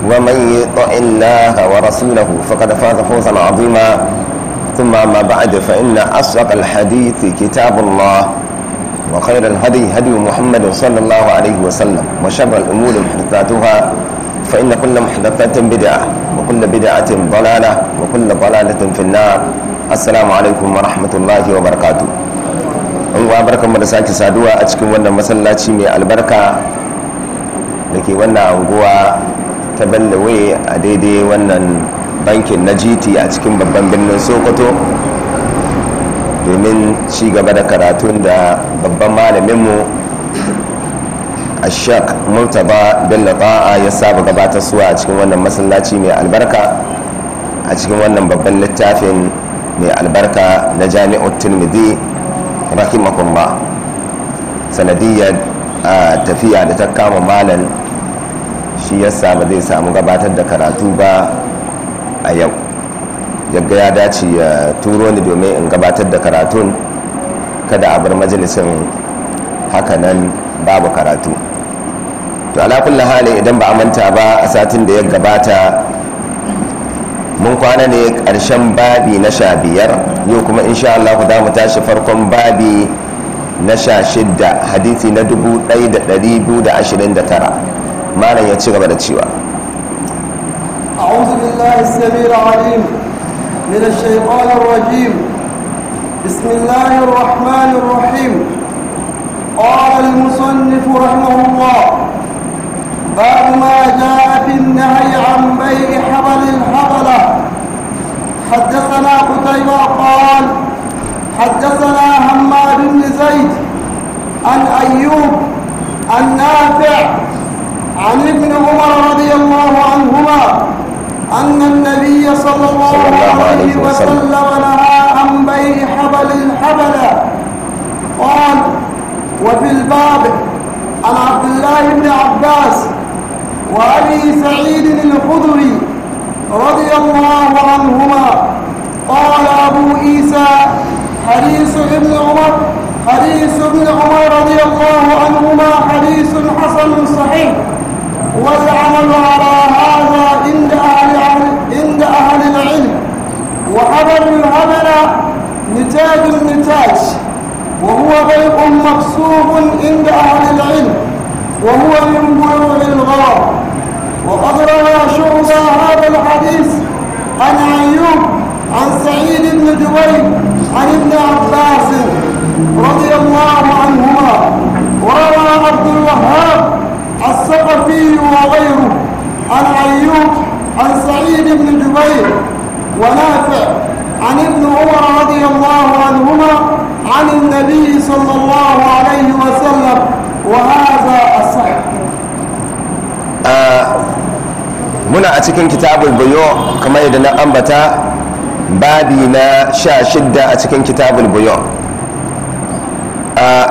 ومن يطع الله ورسوله فقد فاز فوزا عظيما ثم أما بعد فإن أصدق الحديث كتاب الله وخير الهدي هدي محمد صلى الله عليه وسلم وشر الأمور محدثاتها فإن كل محدثة بدعة وكل بدعة ضلالة وكل ضلالة في النار السلام عليكم ورحمة الله وبركاته unguwa barkanmu da sake saduwa a cikin wannan masallaci mai albarka da ke wannan unguwa ta bellewaye a daidai wannan bankin na gt a cikin babban birnin sokoto domin ci gaba da karatun da babban malaminmu a ashak murtaba bello ba'a ya saba gabata suwa a cikin wannan masallaci mai albarka a cikin wannan babban littafin mai albarka na jami'ar rahimakon ba sanadiyar ah, tafiya da ta kama malam shi yasa ba zai samu gabatar da karatu ba a yau yadda ya dace ya turo ni domin in gabatar da karatun kada a bar majalisin hakanan babu karatu to alakulla hali idan ba a manta ba a satin da ya gabata mun kwana ne karshen babi na sha biyar yau kuma insha Allah ku mu tashi farkon babi na sha shidda hadisi na da da ashirin tara. ما ya ci gaba da أعوذ بالله السميع العليم من الشيطان الرجيم بسم الله الرحمن الرحيم قال المصنف رحمه الله باب ما جاء في النهي عن بيع حبل الحبلة حدثنا قتيبة قال حدثنا حماد بن زيد عن أيوب عن نافع عن ابن عمر رضي الله عنهما أن النبي صلى الله عليه وسلم نهى عن بيع حبل حبلا قال وفي الباب عن عبد الله بن عباس وأبي سعيد الخدري رضي الله عنهما قال أبو عيسى حديث ابن عمر حديث ابن عمر رضي الله عنهما حديث حسن صحيح وزعموا على هذا عند أهل, عند أهل العلم وعمل العمل نتاج النتاج وهو بيع مقصوب عند أهل العلم وهو من بيوع الغرام وقد روى شعبة هذا الحديث عن أيوب عن سعيد بن جبير عن ابن عباس رضي الله عنهما وروى عبد الوهاب الثقفي وغيره عن أيوب عن سعيد بن جبير ونافع عن ابن عمر رضي الله عنهما عن النبي صلى الله عليه وسلم وهذا الصحيح muna a cikin kitabul البيوع kamar yadda na ambata babi na sha shidda a cikin kitabul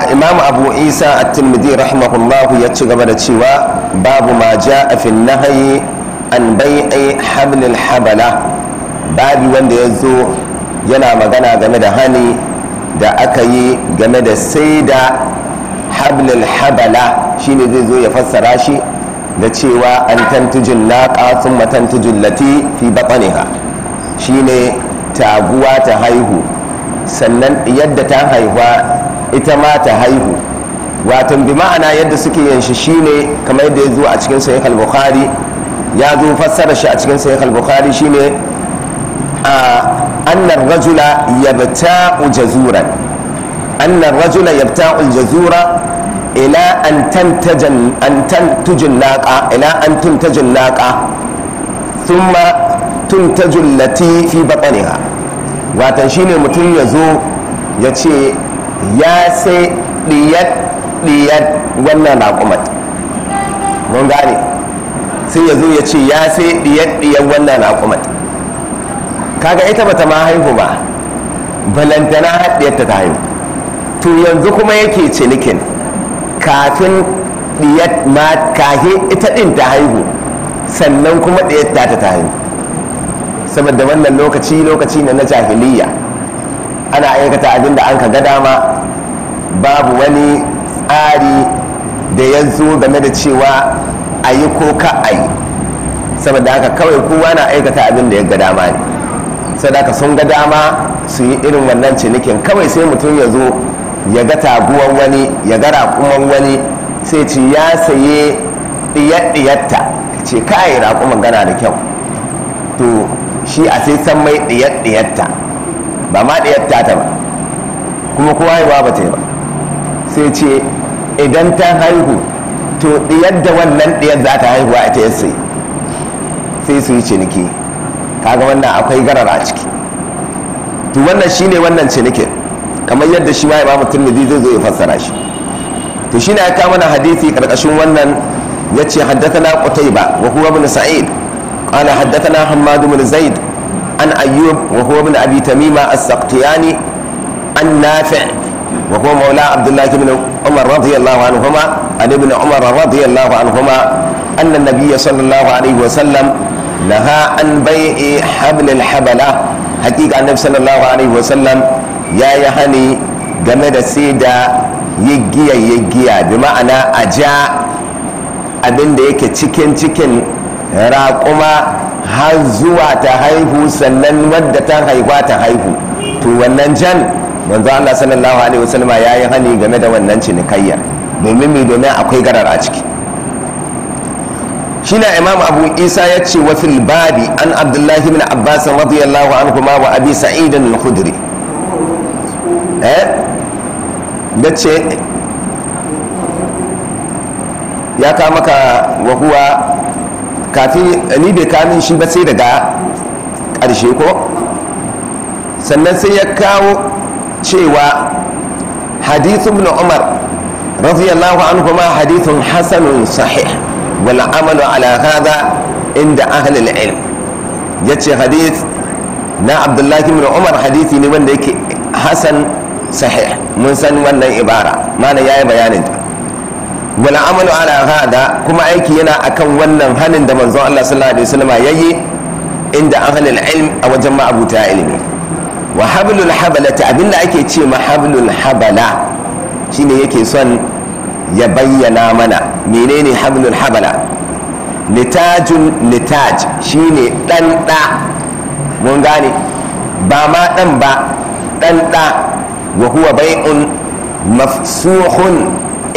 imam abu isa at-tirmidhi rahimahullahu ya ci gaba da cewa babu ma ja'a fi nahyi an bai'i hablil habala babu wanda ya zo yana magana game da hani da aka yi game da sai da hablil habala shine zai zo ya fassara shi da cewa an tantijin naƙa sun matantijin lati fi baƙaniha shine taguwa ta haihu sannan yadda ta haihuwa ita ma ta haihu watan bi ma'ana yadda suke yin shi shine kamar yadda ya zo a cikin sahih al-bukhari ya zo fassara shi a cikin sahih al-bukhari shine a annar rajula yabta'u jazuran annar rajula yabta'u jazura ila an tantajan an tantujin laqa ila an tantajin laqa thumma tuntajul lati fi batniha watan shine mutum ya zo ya ce ya sai ɗiyar ɗiyar wannan raƙumat mun gane sai ya zo ya ce ya sai ɗiyar ɗiyar wannan raƙumat kaga ita bata ma haihu ba balantana haɗiyarta ta haihu to yanzu kuma yake cinikin kafin ɗiyar ma kahe ita ɗin ta haihu sannan kuma ɗiyar ta ta haihu saboda wannan lokaci lokaci ne na jahiliya ana aikata abin da an ka ga dama babu wani tsari da ya zo game da cewa a yi ko ka a yi saboda haka kawai kowa na aikata abin da ya ga dama ne saboda haka sun ga dama su yi irin wannan cinikin kawai sai mutum ya zo ya ga taguwan wani ya ga raƙuman wani sai ce ya saye ɗiyaɗɗiyatta ce yi raƙuman gana da kyau to shi a sai san mai ɗiyaɗɗiyatta ba ma yadda tata ba kuma kowa ya ba ta yi ba sai ce idan ta haihu to ɗiyar da wannan ɗiyar za ta a ita ya sai sai su yi ciniki kaga wannan akwai garara a ciki to wannan shine wannan cinikin kamar yadda shi ba mutum tirmidhi zai zo ya fassara shi to shine ya kawo mana hadisi karkashin wannan yace haddathana ba wa huwa ibn sa'id qala haddathana hammad ibn zaid عن أيوب وهو ابن أبي تميمة السقطياني عن نافع وهو مولى عبد الله بن عمر رضي الله عنهما عن ابن عمر رضي الله عنهما أن النبي صلى الله عليه وسلم نهى عن بيع حبل الحبلة حقيقة النبي صلى الله عليه وسلم يا يهني جمد سيدا يجيا يجيا بمعنى أجا abin da yake cikin cikin raƙuma har zuwa ta haihu sannan wadda ta haifa ta haihu to wannan jan manzo Allah sallallahu alaihi wasallama yayi hani game da wannan cinikayya domin me domin akwai garar a ciki na imam abu isa ya ce wa fil babi an abdullahi ibn abbas radiyallahu anhu ma wa abi sa'id al-khudri eh ya ka maka wa huwa kafin ni bai kawo shi ba sai daga ƙarshe ko sannan sai ya kawo cewa hadithun bin umar radiyallahu anhu kuma hadithun hasanun sahih wal amalu ala hadha inda ahli ilm yace hadith na abdullahi bin umar hadithi ne wanda yake hasan sahih mun san wannan ibara mana yayi bayanin ta wala amalu ala hada kuma aiki yana akan wannan hanin da manzon Allah sallallahu alaihi wasallam yayi inda ahlul ilm a wajen ma'abuta ilimi wa hablul ta abinda ake ce ma hablul habala shine yake son ya bayyana mana menene hablul habala litajun litaj shine dan da mun gane ba ma dan ba dan da wa huwa bai'un mafsuhun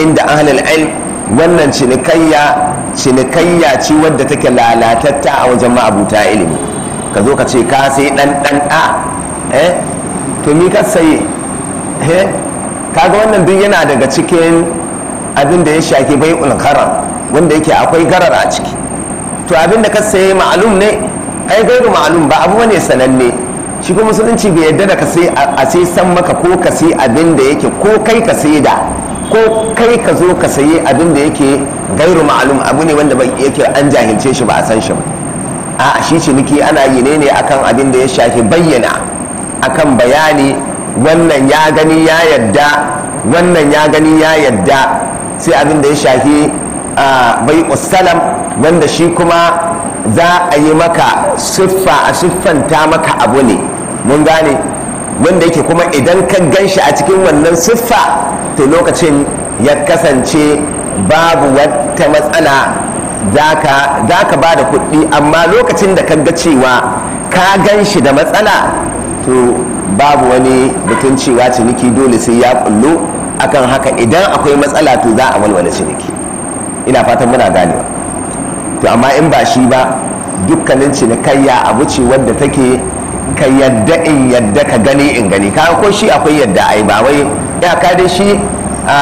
inda ahlul ilm wannan cinikayya cinikayya ce wadda take lalatatta a wajen ma'abuta ilimi ka zo ka ce ka sai dan dan a eh to ni ka sai eh kaga wannan duk yana daga cikin abin da ya shafi bai ulgharar wanda yake akwai garar a ciki to abin da ka sai ma'alum ne ai gairu ma'alum ba abu ne sananne shi kuma musulunci bai yarda da ka sai a sai san maka ko ka sai abin da yake ko kai ka sai da ko kai ka zo ka sayi abin da yake gairu ma'alum abu ne wanda yake an jahilce shi ba a san shi ba a shi ciniki ana yi ne akan abin da ya shafi bayyana akan bayani wannan ya gani ya yadda wannan ya gani ya yadda sai abin da ya shafi bai usalam wanda shi kuma za a yi maka siffa a siffanta maka abu ne mun gane wanda yake kuma idan ka gan shi a cikin wannan siffa to lokacin ya kasance babu wata matsala za ka ba da kuɗi amma lokacin da ka ga cewa ka gan shi da matsala to babu wani bikin cewa ciniki dole sai ya kullu akan haka idan akwai matsala to za a walwala ciniki ina fatan muna ganewa to amma in ba shi ba dukkanin cinikayya abu ce wadda take ka yadda in yadda ka gani in gani ka ko shi akwai yadda ai ba wai da ka dai shi a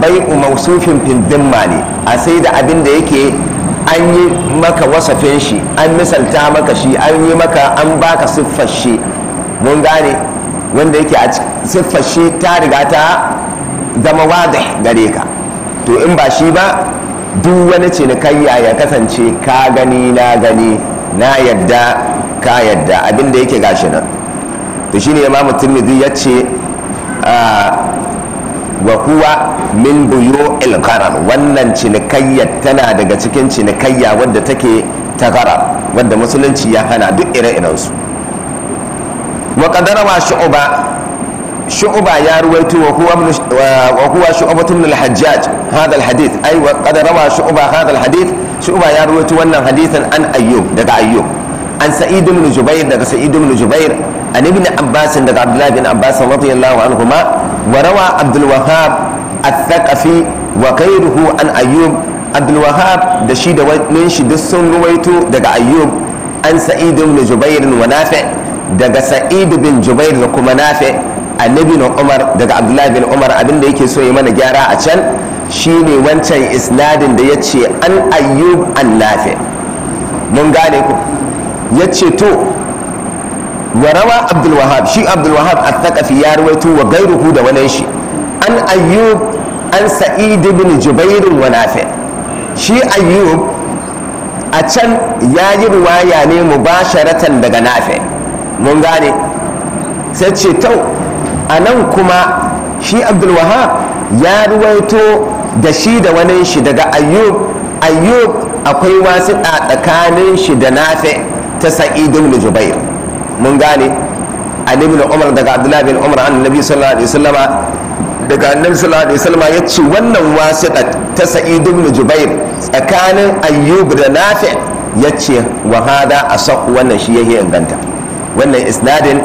bai'u mausufin findimma ne a sai da abin da yake an yi maka wasafin shi an misalta maka shi an yi maka an baka siffar shi mun gane wanda yake a siffar shi ta riga ta zama wada gare ka to in ba shi ba duk wani cinikayya ya kasance ka gani na gani na yadda ka yadda abin da yake gashi nan to shine imamu tirmidhi ya wa huwa min buyo ilkarar wannan cinikayya tana daga cikin cinikayya wadda take tagarar wadda musulunci ya hana duk ire-irensu wa wa shu'uba shu'uba ya ruwaito wa huwa shu'ubatun alhajjaj hadal hadith ai wa kadara wa shu'uba hadal hadith shu'uba ya ruwaito wannan hadithan an ayyub daga ayyub an Sa'idu min jubair daga sa'id ibn jubair an ibn abbas daga abdullah bin abbas radiyallahu anhuma wa rawa abdul wahhab al-thaqafi wa ghayruhu an ayyub abdul wahhab da shi da wani shi duk sun ruwaito daga ayyub an Sa'idu min jubair wa nafi daga Sa'idu bin jubair da kuma nafi annabi na umar daga abdullahi bin umar abinda yake so ya mana gyara a can shine wancan isnadin da ya ce an ayyub an nafi mun gane ku ya ce to wa rawa abdulwahab shi abdulwahab a takafi ya ruwaito wa gairuhu da wani shi an ayyub an sa'id ibn jubairun wa nafi shi ayyub a can ya yi ruwaya ne mu ba mubasharatan daga nafi mun gane sai ce to a nan kuma shi abdulwahab ya ruwaito da shi da wani shi daga ayyub ayyub akwai wasu tsakanin shi da nafe. ta sa'id ibn jubair mun gane an ibn umar daga abdullah bin umar an nabi sallallahu alaihi wasallama daga annabi sallallahu alaihi wasallama ya ce wannan wasiqa ta sa'id ibn jubair tsakanin ayyub da nafi ya ce wa hada asaq wannan shi yake inganta wannan isnadin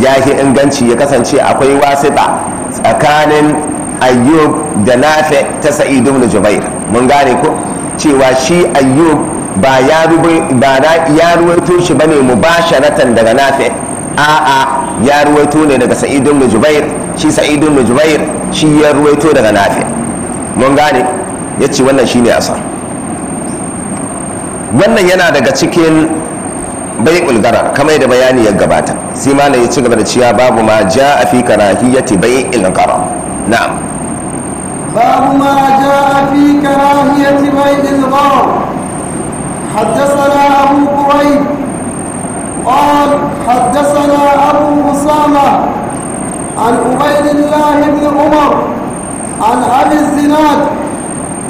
ya yake inganci ya kasance akwai wasiqa tsakanin ayyub da nafi ta sa'id ibn jubair mun gane ko cewa shi ayyub ba ya ruwaito shi ba ne mubasharatan daga nafi a'a ya ruwaito ne daga sa'idun ibn jubair shi sa'idun ibn jubair shi ya ruwaito daga nafi mun gane Ya ce wannan shi ne asa wannan yana daga cikin bai ulgara kamar yadda bayani ya gabata sai ma yi ci gaba da ciya babu ma ja a fi karahiyati bai ulgara na'am babu ma ja a fi karahiyati bai ulgara حدثنا أبو كريب قال حدثنا أبو أسامة عن عبيد الله بن عمر عن أبي الزناد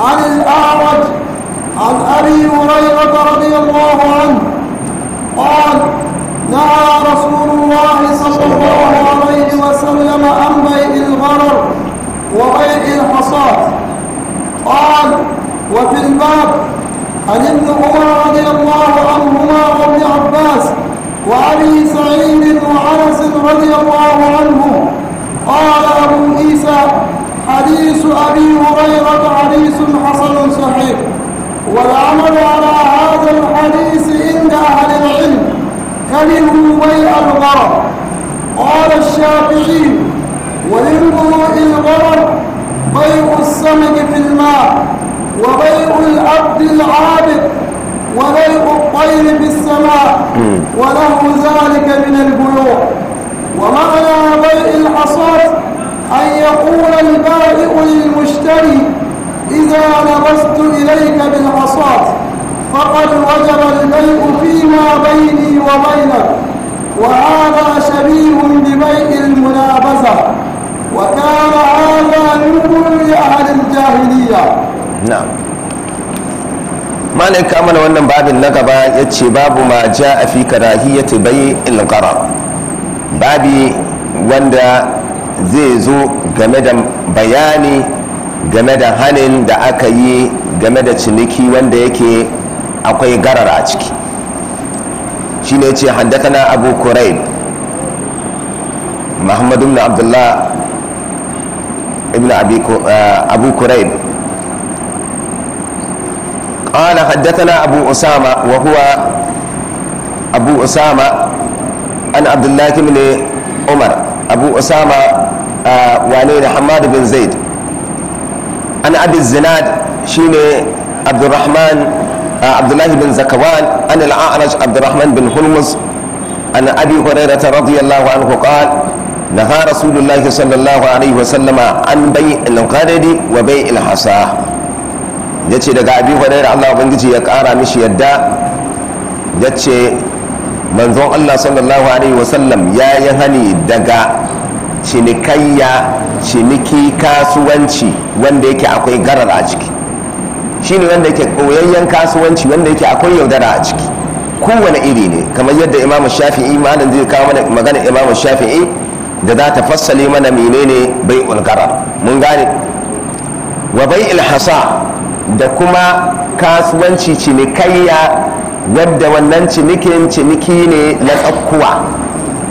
عن الأعرج عن أبي هريرة رضي الله عنه قال نهى رسول الله صلى الله عليه وسلم عن بيع الغرر وبيع الحصاد قال وفي الباب عن ابن عمر رضي الله عنهما وابن عباس وعلي سعيد وعنس رضي الله عنه قال أبو عيسى حديث أبي هريرة حديث حسن صحيح والعمل على هذا الحديث عند أهل العلم كلمه بيع الغرض قال الشافعي وللبروء الغرض بيع السمك في الماء وبيع العبد العابد وبيع الطير في السماء ونحو ذلك من البيوع ومعنى بيع الحصاد أن يقول البائع للمشتري إذا نبست إليك بالحصاد فقد وجب البيع فيما بيني وبينك وهذا شبيه ببيع المنابزة وكان هذا نور لأهل الجاهلية na'am malai kama na wannan babin na gaba ya ce babu ma ja a fi ya bai ilkara babi wanda zai zo game da bayani game da hannun da aka yi game da ciniki wanda yake akwai garara a ciki shi ne ce na abu kuraib muhammadu abdullah ibn eh, abu kuraib قال حدثنا أبو أسامة وهو أبو أسامة عن عبد الله بن عمر أبو أسامة آه وانين حماد بن زيد عن أبي الزناد شين عبد الرحمن آه عبد الله بن زكوان عن الأعرج عبد الرحمن بن هرمز عن أبي هريرة رضي الله عنه قال نهى رسول الله صلى الله عليه وسلم عن بيع الغرد وبيع الحصاه ya ce daga abi da Allah ubangiji ya kara mishi yadda ya ce manzon Allah sallallahu alaihi wasallam ya yi hani daga cinikayya ciniki kasuwanci wanda yake akwai garar a ciki shi ne wanda yake koyayyen kasuwanci wanda yake akwai yaudara a ciki kowane iri ne kamar yadda imam shafi'i malam zai kawo mana magana imam shafi'i da za ta fassale mana menene bai ulgara mun gane wa bai ilhasa da kuma kasuwanci cinikayya wadda wannan cinikin ciniki ne na tsakkuwa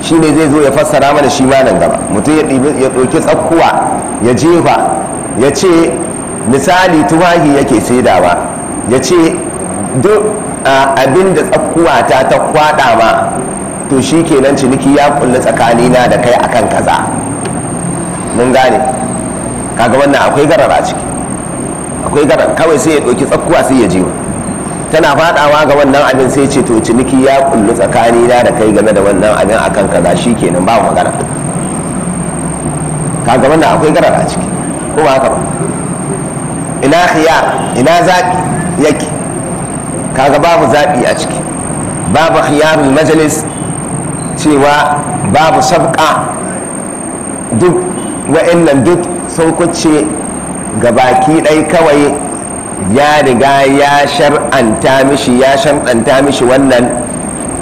shi ne zai zo ya fassara mana shi ma nan gaba mutum ya ɗauki tsakkuwa ya jefa ya ce misali tuwahi yake saidawa ya ce duk abin da tsakkuwa ta ta kwada ma to shi kenan ciniki ya tsakani tsakanina da kai akan kaza mun gane kaga wannan akwai garara ciki akwai garan kawai sai ya ɗauki tsakkuwa sai ya je tana fadawa ga wannan abin sai ce to ciniki ya kullu tsakani na da kai game da wannan abin akan kaza shi kenan ba magana ka ga wannan akwai garar a ciki ba haka ba ina khiyar ina zaɓi yake kaga babu zaɓi a ciki babu khiyarul majalis cewa babu sabƙa duk wa'annan duk sun kuce gabaki ɗai kawai ya riga ya shar'anta mishi ya shar'anta mishi wannan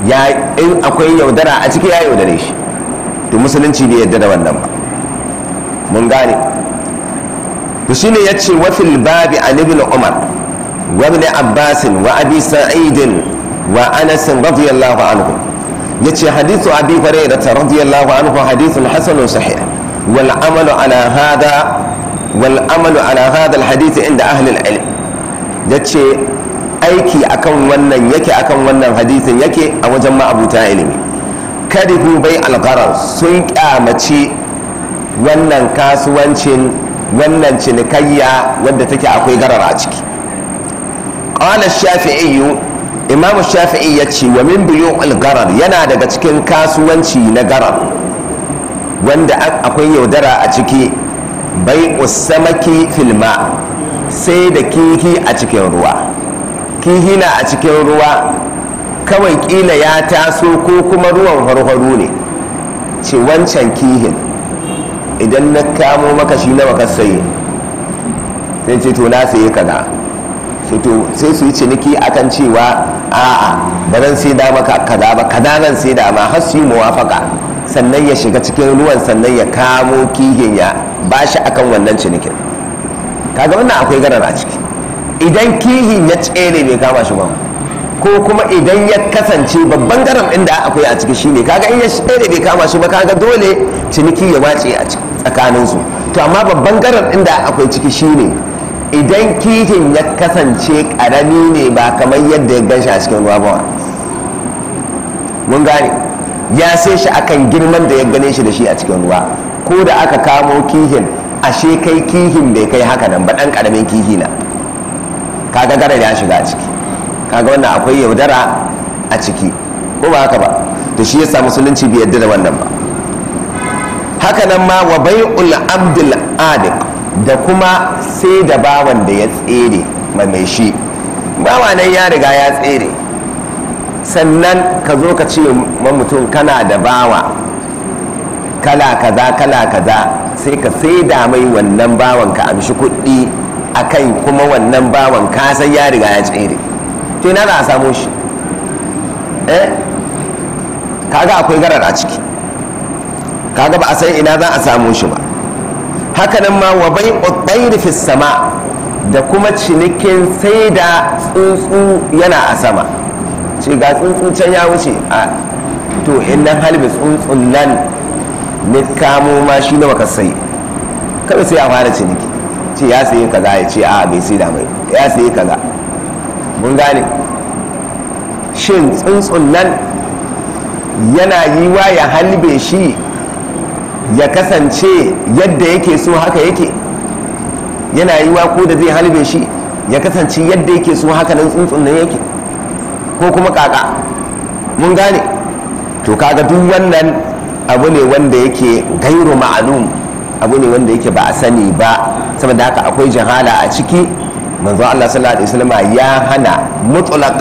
ya in akwai yaudara a ciki ya yaudare shi to musulunci bai yadda da wannan ba mun gane to shine yace wa fil babi an ibn umar wa ibn abbas wa abi sa'id wa anas radiyallahu anhu yace hadithu abi hurairah radiyallahu anhu hadithun hasanun sahih wal amalu ala hada wal amalu ala hadha alhadith inda ahli alilm yace aiki akan wannan yake akan wannan hadisin yake a wajen ma'abuta ilimi karihu bai algharar sun ƙyamaci wannan kasuwancin wannan cinikayya wadda take akwai garar a ciki qala shafi'i imamu shafi'i ya ce wa min biyu algarar yana daga cikin kasuwanci na garar wanda akwai yaudara a ciki bai usamaki filma sai da kihi a cikin ruwa kihi na a cikin ruwa kawai kila ya taso ko kuma ruwan harharu ne ce wancan kihin idan na kamo maka shi nawa ka saye sai ce to na saye kaza sai su yi ciniki akan cewa a'a ba zan sai da maka kaza ba kaza nan sai da ma har su yi muwafaka sannan ya shiga cikin ruwan sannan ya kamo kihin ya ba shi akan wannan cinikin kaga wannan akwai garar a ciki idan kihi na tsere bai kama shi ba ko kuma idan ya kasance babban garam inda akwai a ciki shine kaga in ya tsere bai kama shi ba kaga dole ciniki ya wace a tsakanin su to amma babban garam inda akwai ciki shine idan kihin ya kasance karami ne ba kamar yadda ya ganshi a cikin ruwa ba mun gane ya sai shi akan girman da ya gane shi da shi a cikin ruwa ko da aka kamo kihin ashe kai kihin bai kai haka nan ba ɗan ƙaramin kihi na kaga gara ya shiga ciki kaga wannan akwai yaudara a ciki ko ba haka ba to shi yasa musulunci bai yarda da wannan ba haka nan ma wa bai'ul abdul adiq da kuma sai da bawan da ya tsere mai shi bawa nan ya riga ya tsere sannan ka zo ka ce ma mutum kana da bawa kala kaza kala kaza sai ka sai da mai wannan bawan ka amshi kuɗi a kan kuma wannan bawan ka san ya riga ya tsere to ina za a samu shi eh kaga akwai garar a ciki kaga ba a san ina za a samu shi ba Haka nan ma wa bai ƙwaɗairi fi sama da kuma cinikin sai da tsuntsu yana a sama ce ga tsuntsu can ya wuce a to nan halbi tsuntsun nan ne kamo ma shi nawa ka sai kada sai a fara ciniki ce ya sayi kaza ya ce a bai sai da mai ya sayi kaza mun gane shin tsuntsun nan yana yi wa ya halbe shi ya kasance yadda yake so haka yake yana yi wa ko da zai halbe shi ya kasance yadda yake so haka nan tsuntsun nan yake ko kuma kaka mun gane to kaga duk wannan abu ne wanda yake gairu ma'alum abu ne wanda yake ba a sani ba saboda haka akwai jahala a ciki manzo Allah sallallahu alaihi wasallam ya hana mutlaq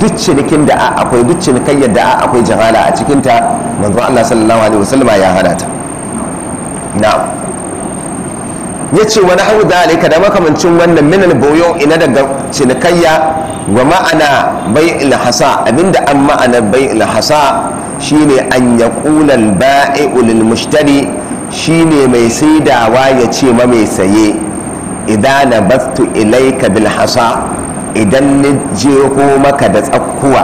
duk cinikin da akwai duk cinikayyar da akwai jahala a cikin ta manzo Allah sallallahu alaihi wasallam ya hana ta na'am yace wani hau dalika da makamancin wannan minal boyo ina daga cinikayya wa ma'ana bai ilhasa abinda an ma'ana bai ilhasa shine an ya kulal ba'i'ul mushtari shine mai saidawa ya ce ma mai saye idan na bastu ilaika bil hasa idan ni ko maka da tsakkuwa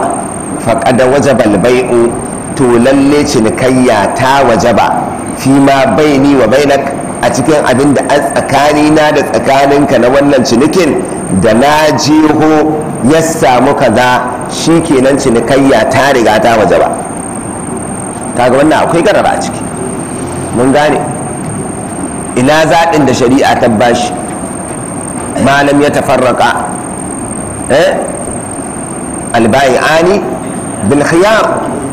faƙada wajabal bai'u to lalle cinikayya ta wajaba fi ma baini wa bainak a cikin abin da a tsakanina da tsakaninka na wannan cinikin da na jeho ya samu kaza shi kenan cinikayya ta riga ta waje ba kaga wannan akwai garara a ciki mun gane ina zaɗin da shari'a ta bashi malam ya tafarraka eh ani bil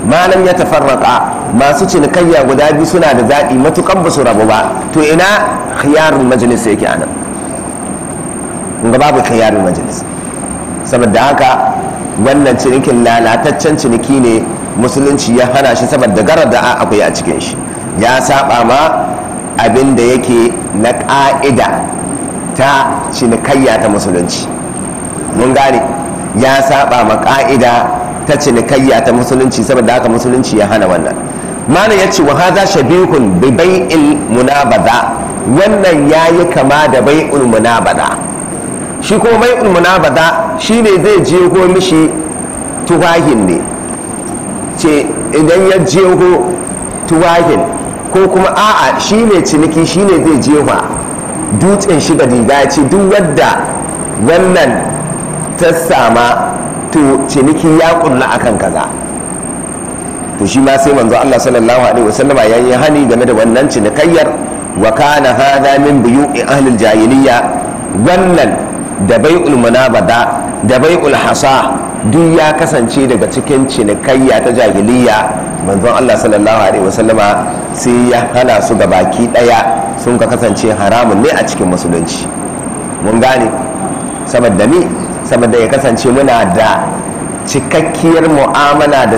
malam ya tafarraka masu cinikayya guda biyu suna da zaɗi matukan ba su rabu ba to ina khiyarun majalisa yake anan kun ga babu khiyarul majalis saboda haka wannan cinikin lalataccen ciniki ne musulunci ya hana shi saboda garar da akwai a cikin shi ya saba ma abin da yake na ƙa'ida ta cinikayya ta musulunci mun gane ya saba ma ƙa'ida ta cinikayya ta musulunci saboda haka musulunci ya hana wannan mana ya ce wa haza shabihun bi bai'il munabada wannan yayi kama da bai'ul munabada shi kuma mai da shi ne zai jego mishi tuwahin ne ce idan ya jego tuwahin ko kuma a'a shi ne ciniki shi ne zai jewa dutsen shiga diga ce duk wadda wannan ta sama to ciniki ya a kan kaza to shi ma sai manzo Allah sallallahu alaihi wasallama ya yi hani game da wannan cinikayyar wa kana hadha min buyu'i ahli jahiliya wannan da bai'ul munabada da bai'ul hasa duk ya kasance daga cikin cinikayya ta jahiliya manzon Allah sallallahu alaihi wasallama sai ya hana su ga baki daya sun ka kasance haramun ne a cikin musulunci mun gane saboda ni saboda ya kasance muna da cikakkiyar mu'amala da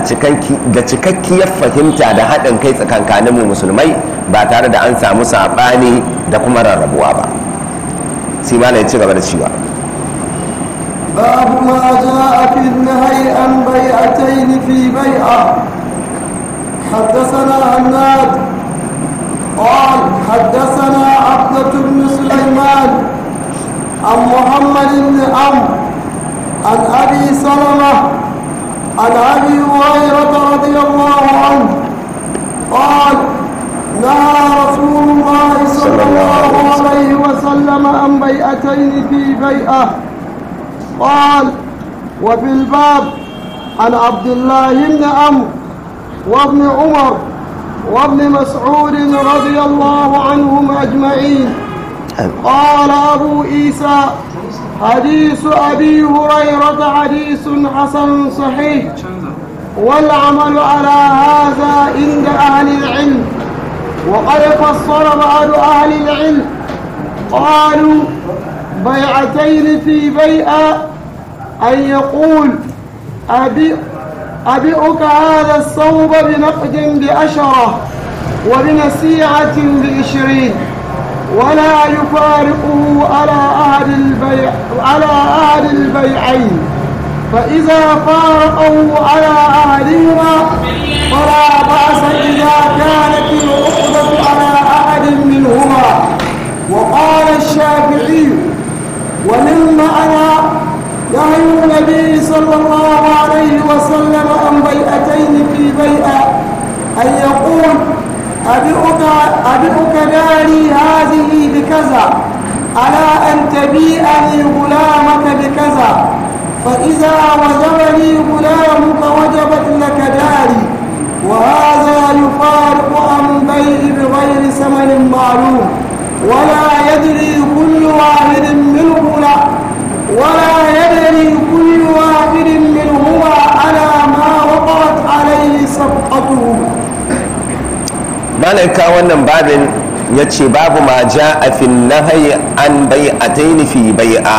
cikakkiyar fahimta da haɗin kai tsakankaninmu musulmai ba tare da an samu saɓani da kuma rarrabuwa ba sai ma ya ci gaba da cewa باب ما جاء في النهي عن بيعتين في بيعة حدثنا عناد قال حدثنا عبدة بن سليمان عن محمد بن عمرو عن أبي سلمة عن أبي هريرة رضي الله عنه قال نهى رسول الله صلى الله عليه وسلم عن بيعتين في بيعه قال وفي الباب عن عبد الله بن عمرو وابن عمر وابن مسعود رضي الله عنهم أجمعين قال أبو عيسى حديث أبي هريرة حديث حسن صحيح والعمل على هذا عند أهل العلم وقد فصل بعض أهل العلم قالوا بيعتين في بيئة أن يقول أبي أبئك هذا الصوب بنقد بأشرة وبنسيعة بعشرين ولا يفارقه على أهل البيع على أهل البيعين فإذا فارقه على أهلهما فلا بأس إذا كانت العقدة على أحد منهما وقال الشافعي ومما أنا نهي النبي صلى الله عليه وسلم عن بيئتين في بيئة أن يقول أبئك, أبئك داري هذه بكذا ألا أن تبيئني غلامك بكذا فإذا وجبني غلامك وجبت لك داري وهذا يفارق عن بيع بغير ثمن معلوم ولا يدري كل واحد منه ولا يدري كل واحد منهما على ما وقعت عليه سقطه مالك wannan babin yace babu ma ja'a finna nahyi an bai'atayn fi bai'a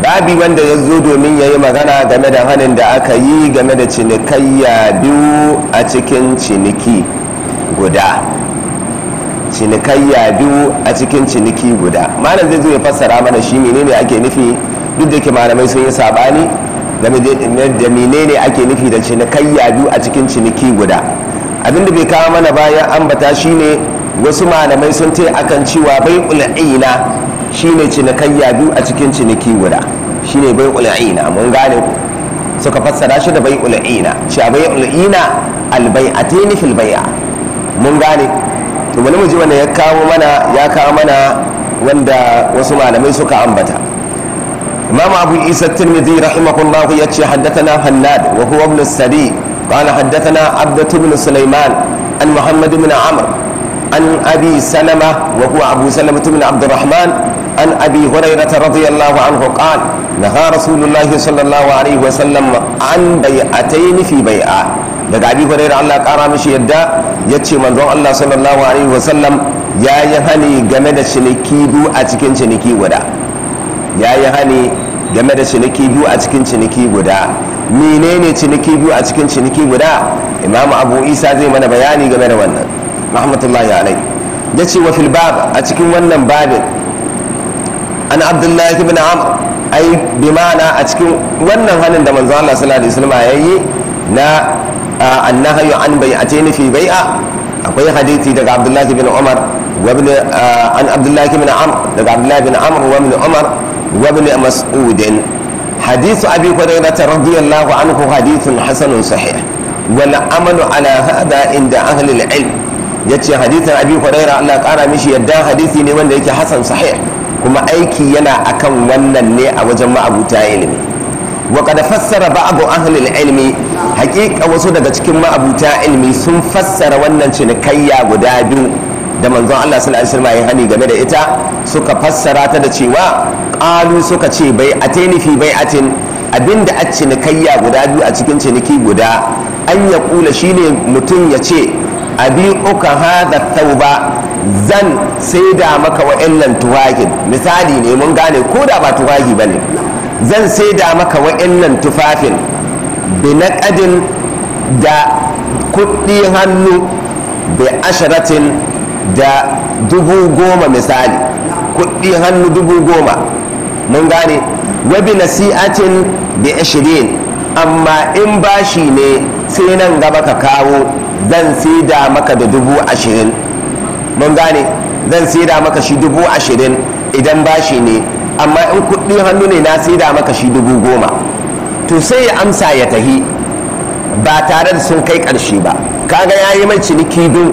babi wanda ya zo domin ya yi magana game da hannun da aka yi game da cinikayya biyu a cikin ciniki guda cinikayya biyu a cikin ciniki guda malam zai zo ya fassara mana shi menene ake nufi duk da ke malamai sun yi sabani da menene ake nufi da cinikayya biyu a cikin ciniki guda abinda bai kawo mana bayan ambata shine wasu malamai sun ce akan cewa bai ul'ina shine cinikayya biyu a cikin ciniki guda shine bai ul'ina mun gane ku suka fassara shi da bai ul'ina cewa bai ul'ina a fil baya mun gane wani ji wanda ya kawo mana ya mana wanda wasu malamai suka ambata a bu isa tirmidhi rahimahullah ya ce haddathana hannad sadi huwa ibn sari qala haddathana abdat ibn sulaiman an muhammad ibn amr an abi salama wa abu salama ibn abd الرحمن an abi hurairah radiyallahu anhu qala nahara rasulullah sallallahu alayhi wa sallam an bay'atayn fi bay'ah daga abi da Allah kara mishi yadda ce manzon Allah sallallahu alaihi wasallam yi hani game da ciniki biyu a cikin ciniki guda Ya yi hani game da ciniki biyu a cikin ciniki guda menene ciniki biyu a cikin ciniki guda imam abu isa zai mana bayani game da wannan rahmatullahi ya ce wa filbab bab a cikin wannan babin an abdullahi ibn amr ai bi ma'ana a cikin wannan hanin da manzon Allah sallallahu alaihi wasallam yayi na annahayu an bai'atayn fi a akwai hadithi daga abdullahi bin umar وابن عن عبد الله بن عمرو عبد الله بن عمرو وابن عمر وابن مسعود حديث ابي هريره رضي الله عنه حديث حسن صحيح والعمل على هذا عند اهل العلم yace hadisin abi huraira Allah kara mishi yadda hadisi ne wanda yake hasan sahih kuma aiki yana akan wannan ne a wajen ma'abuta ilimi wa qad fassara ba'd ahli ilmi hakika wasu daga cikin ma'abuta ilmi sun fassara wannan cinikayya guda biyu da manzon Allah sallallahu alaihi wasallam ya hani game da ita suka fassara ta da cewa qalu suka ce bai ataini fi bai'atin abinda a cinikayya guda biyu a cikin ciniki guda an ya kula shine mutum ya ce abi uka hadha tauba zan sai da maka wa'annan tuwahin misali ne mun gane ko da ba tuwaki bane zan sai da maka wa'annan tufafin binakadin da kuɗi hannu bi asharatin da dubu goma misali kuɗi hannu dubu goma mun gane wabi nasi'atin bi ashirin amma in bashi ne sai nan gaba ka kawo zan saida maka da dubu ashirin mun gane zan saida maka shi dubu ashirin idan bashi ne amma in kuɗi hannu ne na saida maka shi dubu goma to sai ya amsa ya tahi ba tare da sun kai ƙarshe ba kaga ya yi mai ciniki don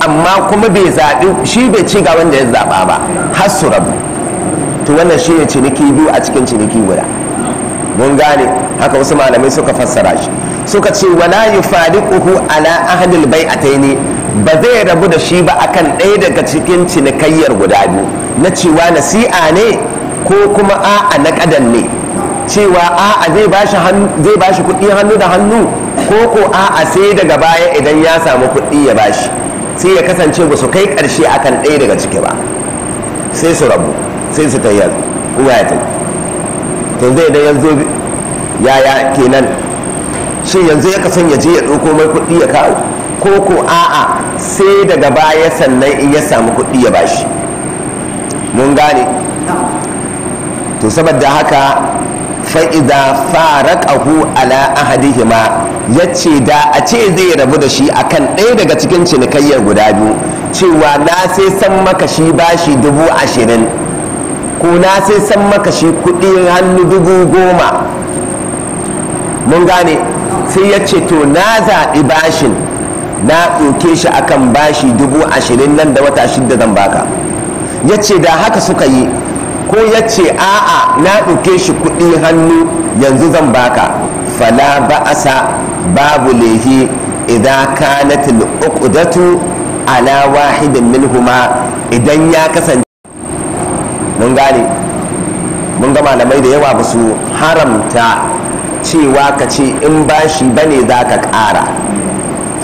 amma kuma bai zaɓi shi bai ci ga wanda ya zaɓa ba har su rabu to wannan shi ne ciniki biyu a cikin ciniki guda mun gane haka wasu malamai suka fassara shi suka ce wala uku ala ahadil ne? ba zai rabu da shi ba akan ɗaya daga cikin cinikayyar guda biyu na cewa nasi'a ne ko kuma a'a na ƙadan ne cewa a'a zai bashi zai bashi kuɗi hannu da hannu ko ko a'a sai daga baya idan ya samu kuɗi ya bashi sai ya kasance ba su kai ƙarshe akan ɗaya daga ciki ba sai su rabu sai su ta yanzu kuma ya tafi to zai da yanzu ya kenan shi yanzu ya kasan ya je ya ɗauko mai kuɗi ya kawo ko ko a'a sai daga baya sannan in ya samu kuɗi ya bashi mun gane to saboda haka fa'iza faraqahu ala ahadihima yace da a ce zai rabu da shi a kan ɗaya daga cikin cinikayyar guda biyu cewa na sai san maka shi bashi dubu ashirin ko na sai san maka shi kuɗin hannu dubu goma mun gane sai ya ce to na zaɓi bashin na ɗauke shi akan bashi dubu ashirin nan da wata shidda zan baka ya ce da haka suka yi ko ya ce a'a na ɗauke shi kuɗi hannu yanzu zan baka fala ba'asa babu lehi idan kanatil uqdatu ala wahidin minhuma idan ya kasance mun gane mun ga malamai da yawa ba su haramta cewa ka ce in ba shi bane za ka ƙara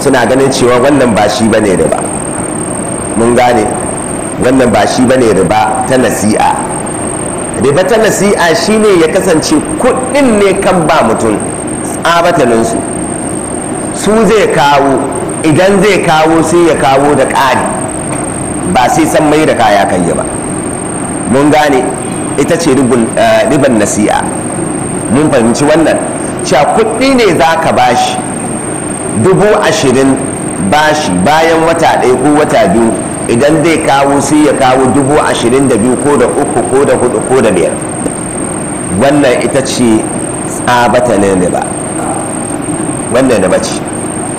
suna ganin cewa wannan ba shi bane riba mun gane wannan ba shi bane riba ta nasi'a bai bata nasi'a shine ya kasance kuɗin ne kan ba mutum tsabatalinsu su zai kawo idan zai kawo sai ya kawo da ƙari ba sai san mai da kaya kan ba mun gane ita ce eh, riban nasi'a mun fahimci wannan cewa kuɗi ne za ka bashi dubu ashirin bashi bayan wata ɗaya ko wata biyu idan zai kawo sai ya kawo dubu ashirin da biyu ko da uku ko da hudu ko da biyar wannan ita ce tsabata ne ne ba wannan da bace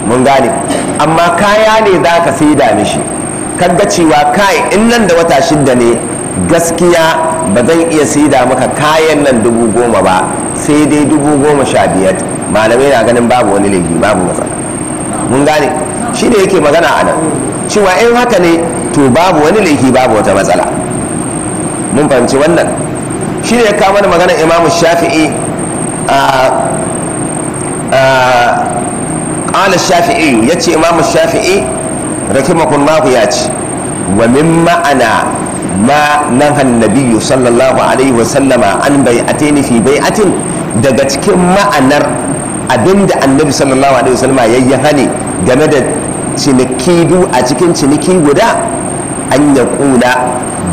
mun gane amma kaya ne za ka sai da mishi kadda cewa kai in nan da wata shida ne gaskiya ba zan iya sai da maka kayan nan dubu goma ba sai dai dubu goma sha biyar malamai na ganin babu wani laifi babu matsala mun gane ne yake magana a nan cewa in haka ne to babu wani laifi babu wata matsala mun fahimci wannan ne ya kama da magana imamu shafi'i a ƙala shafi'i ya ce imamu shafi'i rakimakullahu ya ce wa min ma'ana ma nan nabiyyu sallallahu alaihi wasallama an bai ni fi bai atin daga cikin ma'anar abinda annabi sallallahu alaihi wasallama ya yi game da ciniki du a cikin ciniki guda an ya kula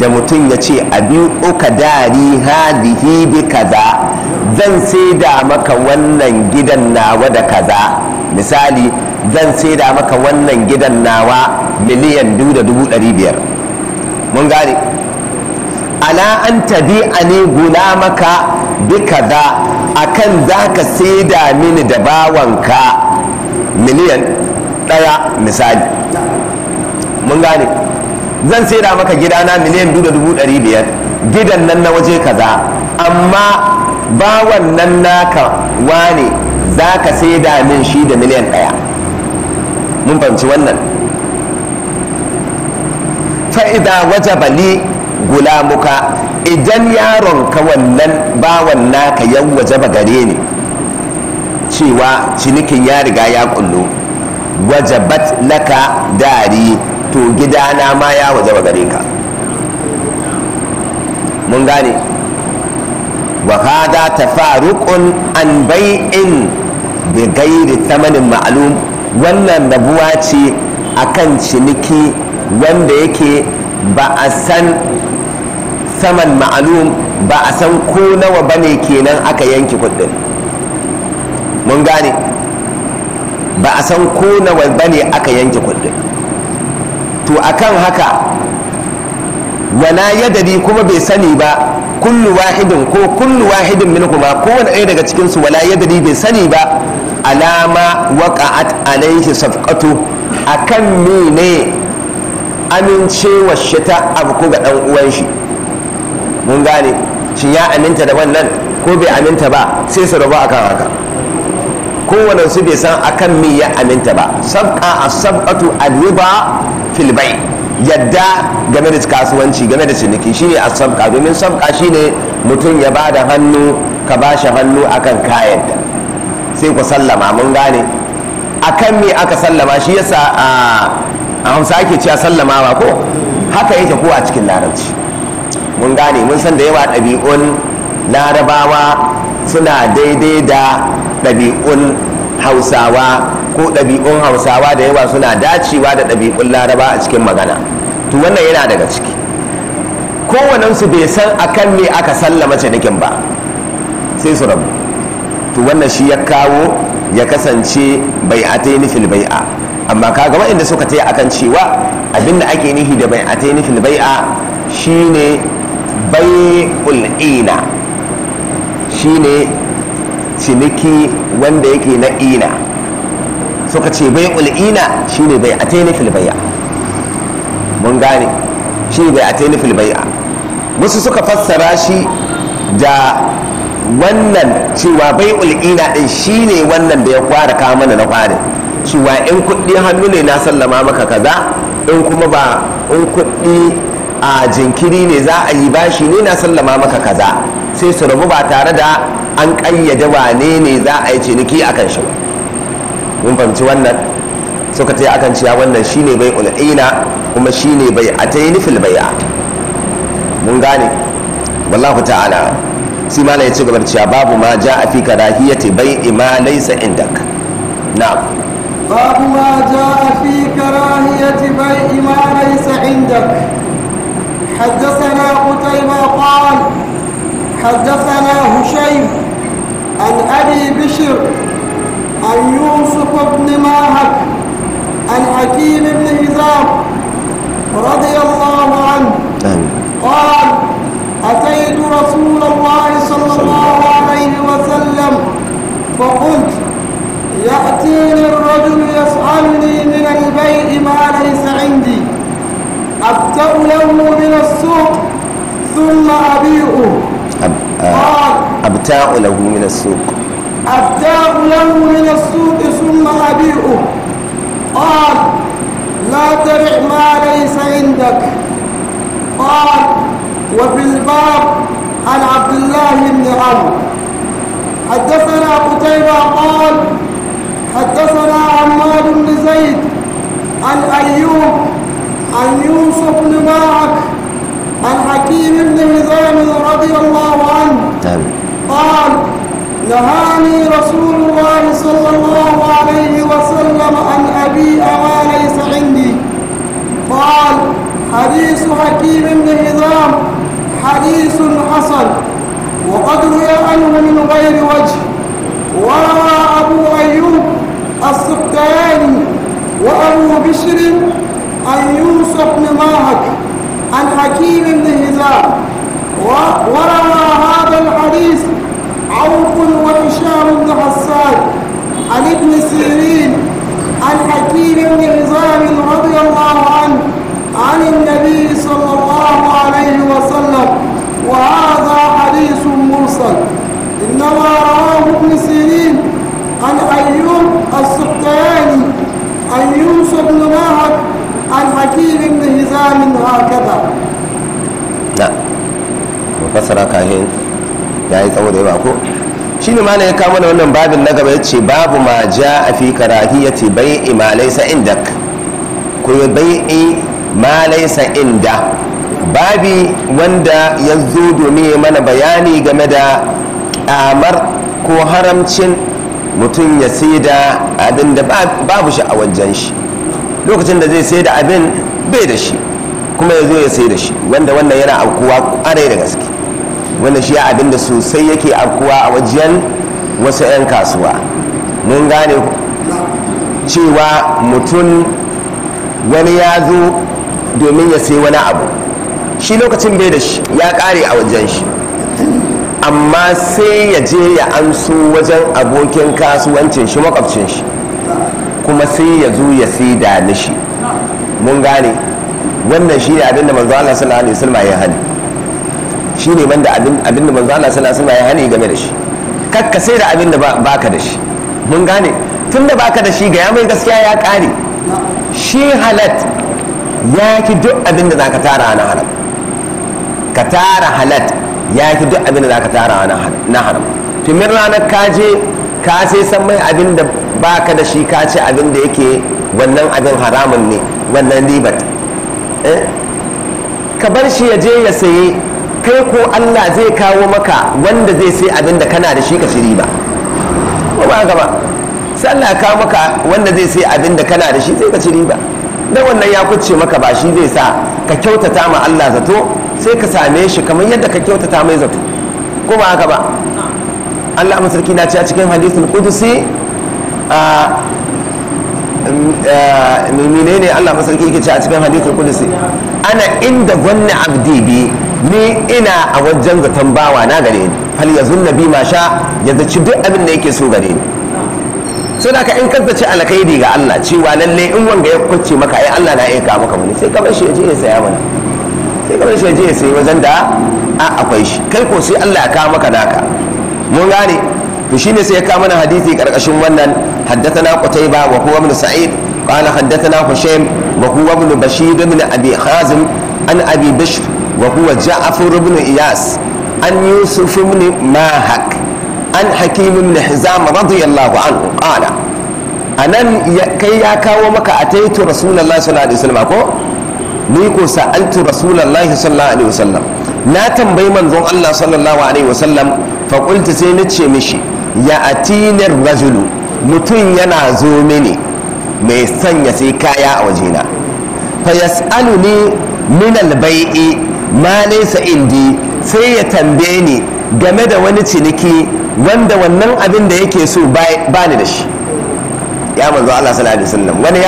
da mutum ya ce a biyu uka dari hadihi bi kaza zan saida maka wannan gidan nawa da kaza misali zan saida maka wannan gidan nawa miliyan biyu da dubu ɗari biyar mun gane ala an tabi ani gula maka bi kaza akan za ka saida mini da bawanka miliyan ɗaya misali mun gane zan saida maka gidana miliyan biyu da dubu ɗari biyar gidan nan na waje kaza amma ba wannan naka wane za ka da min shi da miliyan ɗaya mun fahimci wannan fa'ida wajaba li gulamuka idan yaron ka wannan bawan naka yau wajaba gare ne. cewa cinikin ya riga ya kullu wajabat laka dari to gidana ma ya wajaba gare ka mun gane wa hada tafaruqun an bai'in bi ghairi thamanin ma'lum wannan rabuwa ce akan ciniki wanda yake ba a san saman ma'alum ba a san ko nawa bane kenan aka yanki kuɗin mun gane ba a san ko nawa ne aka yanke kuɗin to akan haka wala yadari kuma bai sani ba kullu wahidin ko kullu wahidin min kuma kowane ɗaya daga cikin su wala yadari bai sani ba alama waqa'at alaihi safqatu akan ne amincewa shi ta abu ga dan uwan shi mun gane shi ya aminta da wannan ko bai aminta ba sai su rabu akan haka kowane su bai san akan me ya aminta ba sabqa a sabqatu ar Filbai, fil bay yadda game da kasuwanci game da ciniki shine a sabka. domin sabqa shine mutum ya bada hannu ka bashi hannu akan kayan sai ku sallama mun gane akan me aka sallama shi yasa a Hausa ake cewa sallamawa ko haka yake ko a cikin larabci mun gane mun san da yawa ɗabi'un larabawa suna daidai da ɗabi'un hausawa ko ɗabi'un hausawa da yawa suna dacewa da ɗabi'un laraba a cikin magana to wannan yana daga ciki kowanensu bai san akan me aka sallama cinikin ba sai su rabu to wannan shi ya kawo ya kasance bai a fil bai'a amma kaga waɗanda suka taya akan cewa abin da ake nihi da bai a fil bai'a shine bai'ul shi shine ciniki wanda yake na ina suka ce bai ul'ina shi ne bai a tainifil bai'a mun gane shi bai a tainifil bai'a wasu suka fassara shi da wannan cewa bai ul'ina din shi ne wannan da ya kwara kawo mana na kwarin cewa in kuɗi hannu ne na sallama maka kaza in kuma ba in kuɗi a jinkiri ne za a yi bashi ne na sallama maka kaza sai su rabu ba tare da an ƙayyade wane ne za a yi ciniki kan shi ba mun fahimci wannan suka ta akan ciya wannan shine bai ul'ina kuma shine bai a ta yi nufil bai'a mun gane wallahu ta'ala si mana ya ci gabar ciya babu ma ja a fi karahiyati bai ima laisa indak na babu ma ja a fi karahiyati bai'i ima laisa indak حدثنا قتيبة قال حدثنا هشيم عن أبي بشر عن يوسف بن ماهك عن حكيم بن هزام رضي الله عنه قال أتيت رسول الله صلى الله عليه وسلم فقلت يأتيني الرجل يسألني من البيع ما ليس عندي أفتأ له من السوق ثم أبيعه أب... آه، قال أبتاع له من السوق أبتاع له من السوق ثم أبيعه قال لا تبع ما ليس عندك قال وفي الباب عن عبد الله بن عمرو حدثنا قتيبة قال حدثنا عماد بن زيد عن أيوب عن يوسف بن معك عن حكيم بن هزام رضي الله عنه نعم. قال نهاني رسول الله صلى الله عليه وسلم عن ابي ما ليس عندي قال حديث حكيم بن هزام حديث حسن وقد روي عنه من غير وجه وروى أبو أيوب السقياني وأبو بشر عن يوسف بن ماهك عن حكيم بن هزام وروى هذا الحديث عوف وهشام بن حسان عن ابن سيرين عن حكيم بن هزام رضي الله عنه عن النبي صلى الله عليه وسلم وهذا حديث مرسل إنما رواه ابن سيرين عن أيوب السقياني عن يوسف بن ماهك عن وكيل بن هزام هكذا نعم وفسر كاهين yayi tsawo da yawa ko shine ma ya kama da wannan babin na gaba yace babu ma ja a fi karahiyati bai'i ma laysa indak ko bai'i ma malaisa inda babi wanda ya zo domin ya mana bayani game da amar ko haramcin mutum ya sai da abin da babu shi a wajen shi lokacin da zai sai da abin bai da shi kuma ya zo ya sai da shi wanda wannan yana aukuwa kwarai da gaske wanda shi abin da sosai yake aukuwa a wajen wasu 'yan kasuwa mun gane cewa mutum wani ya zo domin ya sai wani abu shi lokacin bai da shi ya kare a wajen shi amma sai ya je ya amso wajen abokin kasuwancin shi makwabcin shi kuma sai ya zo ya saida mishi mun gane wannan shi ne abinda manzo Allah sallallahu alaihi wasallam ya hani shi ne banda abinda manzo Allah sallallahu alaihi wasallam ya hani game da shi kakka sai da abinda baka da shi mun gane tun da baka da shi ga ya mai gaskiya ya kare shi halat ya ki duk abinda zaka tara na haram ka tara halat ya ki duk abinda zaka tara na haram to min ranar kaje ka sai san mai abinda Ba ka da shi ka ci abin da yake wannan abin haramun ne wannan ribat eh? ka bar shi ya je ya saye kai ko allah zai kawo maka wanda zai sai abin da kana da shi ka ci riba ko ba gaba sai allah ya kawo maka wanda zai sai abin da kana da shi zai ka ci riba dan wannan ya kuce maka ba shi zai sa ka kyautata ma allah zato sai ka same shi kamar yadda ka kyautata mai zato ko ba gaba, Allah masarki na ce a cikin hadisin kudusi mimine eh, ne Allah masarki yake ce a cikin hadithul kudusi ana inda gwanna abdi bi ni ina a wajen zaton bawa na gare ni hal ya zunna bi ma sha ya zaci duk abin da yake so gare ni so da ka in ka zaci alkhairi ga Allah cewa lalle in wanga ya kwace maka ai Allah na aika maka muni sai kamar shi ya je ya saya mana sai kamar shi ya je ya sayi wajen da a akwai shi kai ko sai Allah ya kawo maka naka mun gane to shine sai ya kawo mana hadisi karkashin wannan حدثنا قتيبة وهو ابن سعيد قال حدثنا هشيم وهو ابن بشير بن أبي حازم عن أبي بشر وهو جعفر بن إياس عن يوسف بن ماهك عن حكيم بن حزام رضي الله عنه قال anan kai ya kawo maka a taitu rasulallah sallallahu alaihi wasallam ko ni ko sa'altu rasulallah sallallahu alaihi tambayi manzon Allah sallallahu alaihi wasallam fa mishi ya atinir rajulu mutum yana zo mini mai sanya sai kaya a wajena fa yas'alu ni min al-bai'i ma laysa indi sai ya tambaye ni game da wani ciniki wanda wannan abin da yake so ba ni da shi ya manzo Allah sallallahu alaihi wasallam wani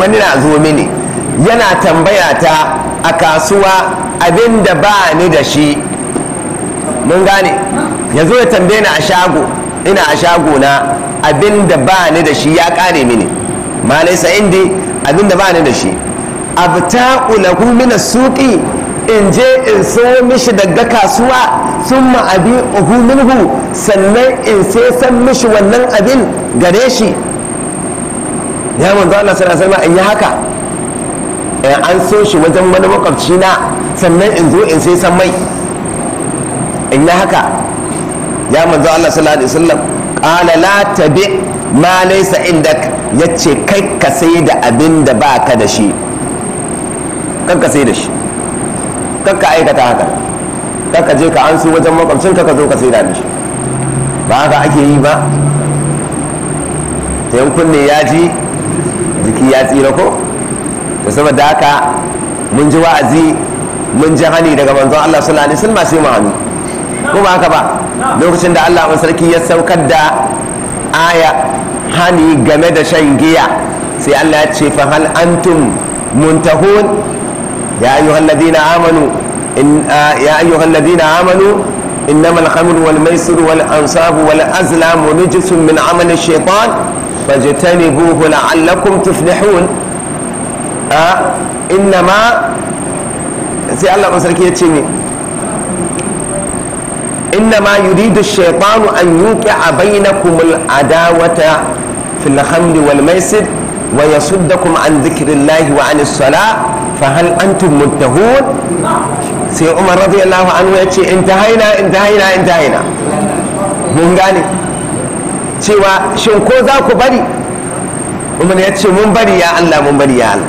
wani na zo mini yana tambaya ta a kasuwa abin da ba ni da shi mun gane yazo ya tambaye ni a shago ina a shagona abin da ba ni da shi ya kare mini ma laisa indi abin da ba ni da shi abta'u lahu min suqi in je in sayo mishi daga kasuwa sun ma'abi uhu hu sannan in sai san mishi wannan abin gare shi ya manzo Allah sana sai in yi haka in an so shi wajen wani makwabci na sannan in zo in sai san mai in yi haka ya manzo Allah sallallahu alaihi wasallam qala la tabi ma laysa indak yace kai ka sai da abin da baka da shi kan ka sai da shi kan ka aikata haka kan ka je ka ansu wajen makwabcin ka ka zo ka sai da shi ba haka ake yi ba ta kunne ya ji jiki ya tsira ko da saboda haka mun ji wa'azi mun ji hani daga manzon Allah sallallahu alaihi wasallam sai mu hani. ko ba haka ba lokacin da allah wa sarki ya saukar da aya hani game da shan giya sai allah ya ce fa hal antum muntahun ya ayyuhal ladina amanu in ya ayu halladina amanu innama alhamdu wal maisir wal ansabu wal azlamu nujisun min amal shaitan fajtanibuhu la'allakum tuflihun a innama sai allah wa sarki ya ce ni. إنما يريد الشيطان أن يوقع بينكم العداوة في الخمر والميسر ويصدكم عن ذكر الله وعن الصلاة فهل أنتم منتهون سي عمر رضي الله عنه يأتي انتهينا انتهينا انتهينا mun gane cewa shin ko za ku bari umar ya ce mun bari ya Allah mun bari ya Allah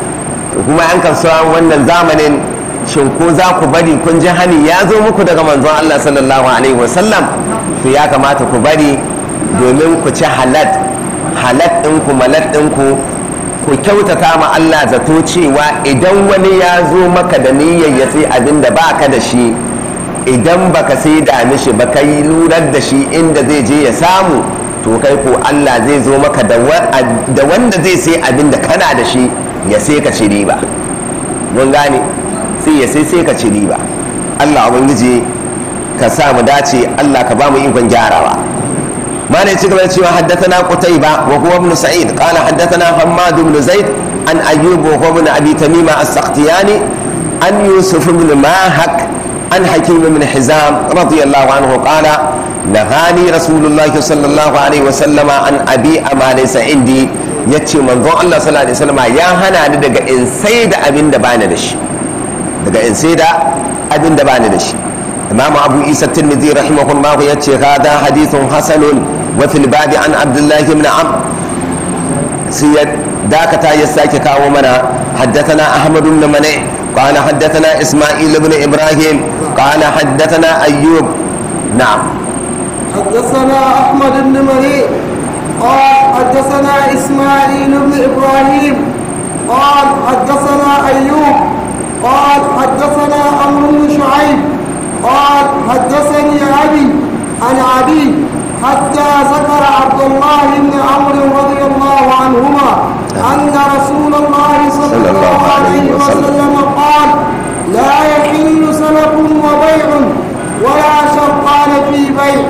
kuma an kan wannan zamanin shin ko za ku bari kun ji hani ya zo muku daga manzon Allah sallallahu alaihi wasallam to ya kamata ku bari domin ku ci halat halat ɗinku malat ɗinku ku kyautata ma Allah zato cewa idan wani ya zo maka da niyyar ya sai abin da ba da shi idan baka sai da mishi ba ka yi lurar da shi inda zai je ya samu to kai ko Allah zai zo maka da wanda zai sai abin da kana da shi ya sai ka ci riba mun gane sai ya sai sai ka ci riba Allah ubangiji ka sa mu dace Allah ka ba mu ikon gyarawa ما نتكلم عن حدثنا قتيبة وهو ابن سعيد قال حدثنا حماد بن زيد عن أيوب وهو ابن أبي تميمة السختياني عن يوسف بن ماهك عن حكيم بن حزام رضي الله عنه قال نهاني رسول الله صلى الله عليه وسلم عن أبي أما ليس عندي يتي منظور الله صلى الله عليه وسلم يا هنا إن سيد أبن دبان دشي daga in sai da abin da bani da shi imamu abu isa tirmidhi rahimahullah ya ce hada hadithun hasanun wa fil bab an abdullah ibn am sai ya dakata ya sake kawo mana haddathana ahmad ibn mani قال حدثنا اسماعيل بن ابراهيم قال حدثنا ايوب نعم حدثنا احمد بن مريء قال حدثنا اسماعيل بن ابراهيم قال حدثنا ايوب قال حدثنا عمرو بن شعيب قال حدثني أبي عن أبي حتى ذكر عبد الله بن عمرو رضي الله عنهما أن رسول الله صلى الله عليه وسلم قال لا يحل سلف وبيع ولا شرطان في بيع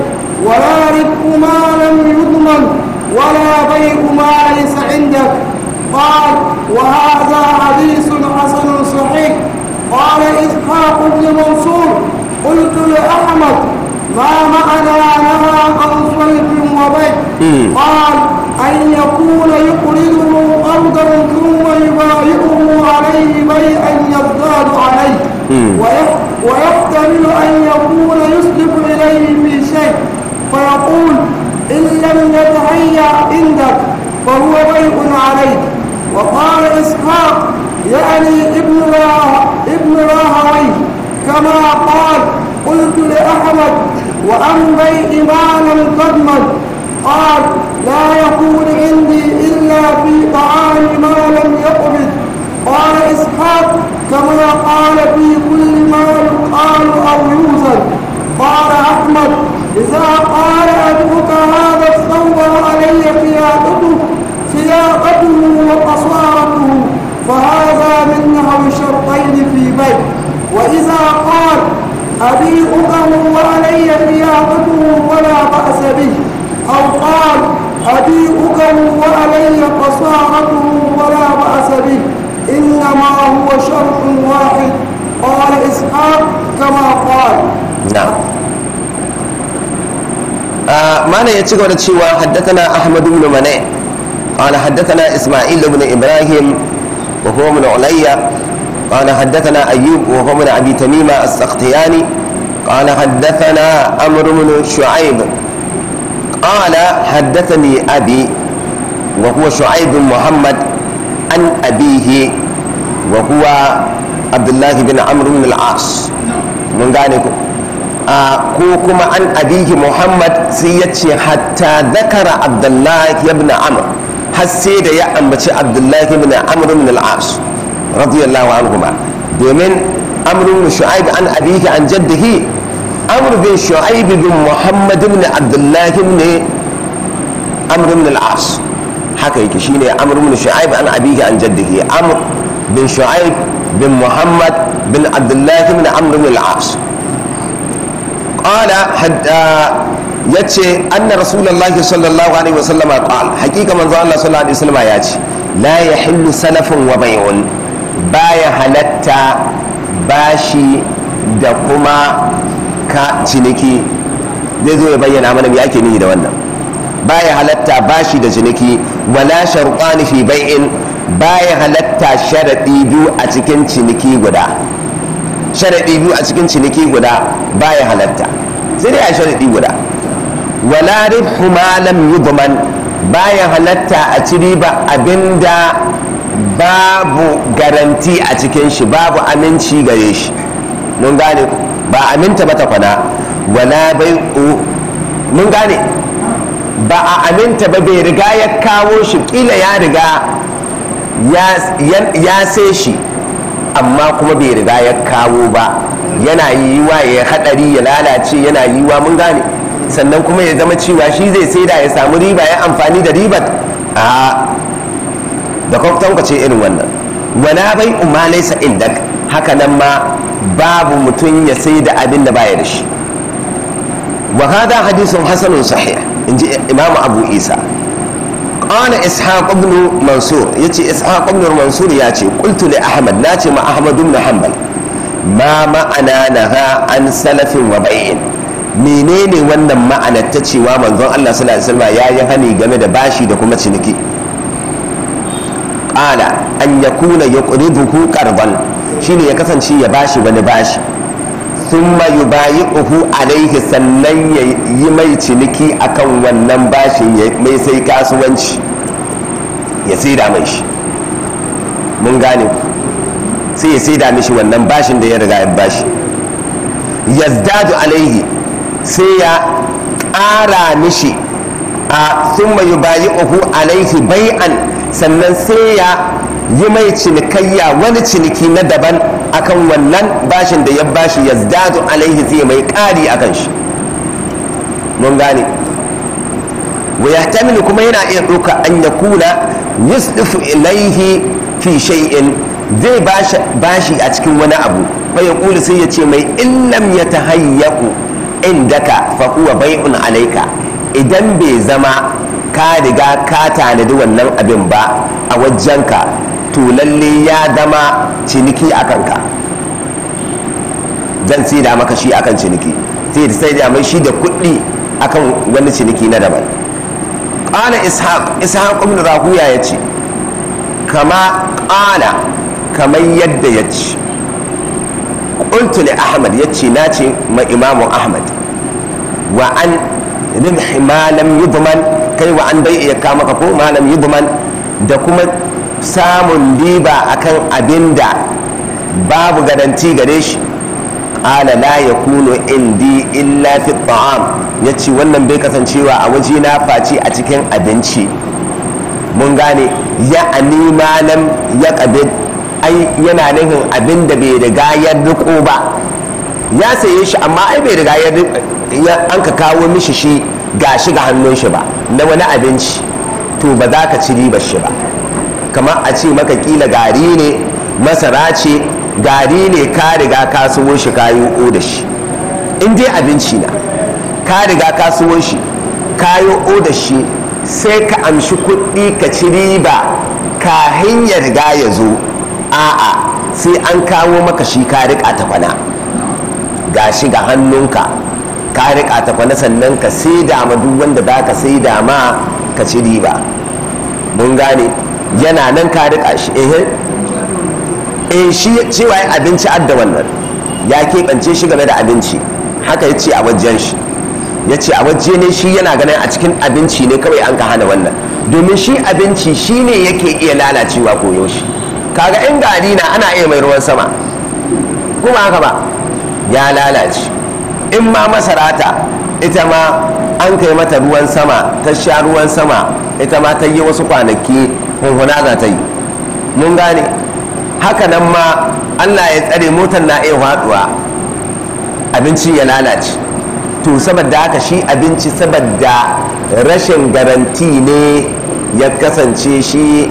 ولا ربح ما لم يضمن ولا بيع ما ليس عندك قال وهذا حديث قال إذ قال ابن منصور قلت لأحمد ما معنى لها عن صلب وبيت قال أن يكون يقرضه قرضا ثم يبايعه عليه بيعا يزداد عليه ويحتمل أن يكون يسلب إليه في شيء فيقول إن لم يتهيأ عندك فهو بيع عليك وقال إسحاق يعني ابن راه ابن راهوي كما قال قلت لأحمد وأمضي إمام قدما قال لا يكون عندي إلا في طعام ما لم يقبض قال إسحاق كما قال في كل ما يقال أو يوزن قال أحمد إذا قال أبوك هذا الثوب علي قيادته سياقته وقصارته فهذا أو شرطين في بيت وإذا قال أبي أمه وعلي نيابته ولا بأس به أو قال أبي أمه وعلي قصارته ولا بأس به إنما هو شرط واحد قال إسحاق كما قال نعم آه ما لا يتقول تشوى حدثنا أحمد بن منع قال حدثنا إسماعيل بن إبراهيم وهو من عليا قال حدثنا أيوب وهو من أبي تميمة السختياني قال حدثنا عمرو بن شعيب قال حدثني أبي وهو شعيب محمد عن أبيه وهو عبد الله بن عمرو بن العاص من ذلك ko kuma an abihi muhammad sai ya ce hatta zakara abdullahi ibn amr har sai da ya ambaci abdullahi ibn amr ibn al-as radiyallahu anhu ba domin amrun shu'aib an abika an jaddihi amr bin shu'aib bin muhammad ibn abdullah ibn amr ibn al-as haka yake shine amr bin shu'aib an abika an jaddihi amr bin shu'aib bin muhammad bin abdullah ibn amr ibn al-as qala hadda uh, ya ce anna rasulullahi sallallahu alaihi wasallam qal hakika manzo Allah sallallahu alaihi wasallam ya ce la yahillu salafun wa bai'un baya halatta bashi da kuma ka ciniki zai zo ya bayyana mana me ake nihi da wannan baya halatta bashi da ciniki wala sharqan fi bai'in baya halatta sharadi biyu a cikin ciniki guda sharadi biyu a cikin ciniki guda baya halatta sai dai a sharadi guda wala ribhu ma lam yudman baya halatta a ci riba abinda babu garanti a cikin shi babu aminci gare shi mun gane ba aminta ba ta kwana wala bai mun gane ba a aminta ba bai riga ya kawo shi kila ya riga ya sai shi amma kuma bai riga ya kawo ba yana yi wa ya hadari ya lalace yana yi wa mun gane sannan kuma ya zama cewa shi zai sai da ya samu riba ya amfani da ribar a da ce irin wannan wala bai umma laysa indak haka nan ma babu mutum ya sai da abin da baya da shi wa hada hadithun hasanun sahih inji imamu abu isa qala ishaq ibn mansur yace ishaq ibn mansur yace qultu li ahmad nace ma ahmad ibn hanbal ma ma'ana naha an salafin wa bayin menene wannan ma'anar ta cewa manzon Allah sallallahu alaihi wasallam yayi hani game da bashi da kuma ciniki qala an yakuna yuqriduhu qardan shine ya kasance ya bashi wani bashi thumma yubayi'uhu alaihi sannan ya yi mai ciniki akan wannan bashin mai sai kasuwanci ya saida mai shi mun gane sai ya saida mishi wannan bashin da ya riga ya bashi yazdadu alaihi sai ya ƙara mishi a sun thumma yubayi'uhu alaihi bai'an sannan sai ya yi mai cinikayya wani ciniki na daban akan wannan bashin da ya bashi ya zdadu alaihi zai mai ƙari akan shi mun gane wa yahtamilu kuma yana iya ɗauka an ya kuna yusufu ilaihi fi shay'in zai bashi a cikin wani abu bai kuli sai ya ce mai illam ya tahayyaku indaka fa huwa bai'un alaika idan bai zama ka riga ka tanadi wannan abin ba a wajenka to lalle ya zama ciniki a kanka zan sai da maka shi akan ciniki sai da sai da mai shi da kuɗi akan wani ciniki na daban Ƙana ishaq ishaq ibn rahuya ya ce kama ƙana kamar yadda ya ce ƙuntu ahmad ya ce na ce ma imamu ahmad wa an ribhi malam yudman kai wa an bai iya kama ka ko malam yudman da kuma samun riba akan abinda babu garanti gare shi qala la yakunu indi illa fi ta'am yace wannan bai kasancewa a waje na faci a cikin abinci mun gane ya anima ya qabil ai yana nufin abin da bai riga ya riko ba ya sayi shi amma ai bai riga ya an ka kawo mishi shi ga shi ga hannun shi ba na wani abinci to ba za ka ci ribar shi ba kamar a ce maka kila gari ne masara ce gari ne ka riga ka suwo shi ka yi da shi in dai abinci na ka riga ka suwo shi ka yi da shi sai ka amshi kuɗi ka ci riba kahin ya riga ya zo a'a sai an kawo maka shi ka riƙa ta kwana ga shi ga hannunka ka rika ta kwana sannan ka sai da duk wanda ba ka sai da ma ka ci riba mun gane yana nan ka rika shi eh eh shi cewa ya abinci adda wannan ya keɓance shi game da abinci haka ya ce a wajen shi ya ce a waje ne shi yana ganin a cikin abinci ne kawai an ka hana wannan domin shi abinci shi ne yake iya lalacewa ko yaushe kaga in gari na ana iya mai ruwan sama kuma haka ba ya lalace in ma masarata ita ma an kai mata ruwan sama ta sha ruwan sama ita ma ta yi wasu kwanaki hunhuna za ta yi mun gane haka ma allah ya tsare motar na iya haɗuwa abinci ya lalace to saboda haka shi abinci saboda rashin garanti ne ya kasance shi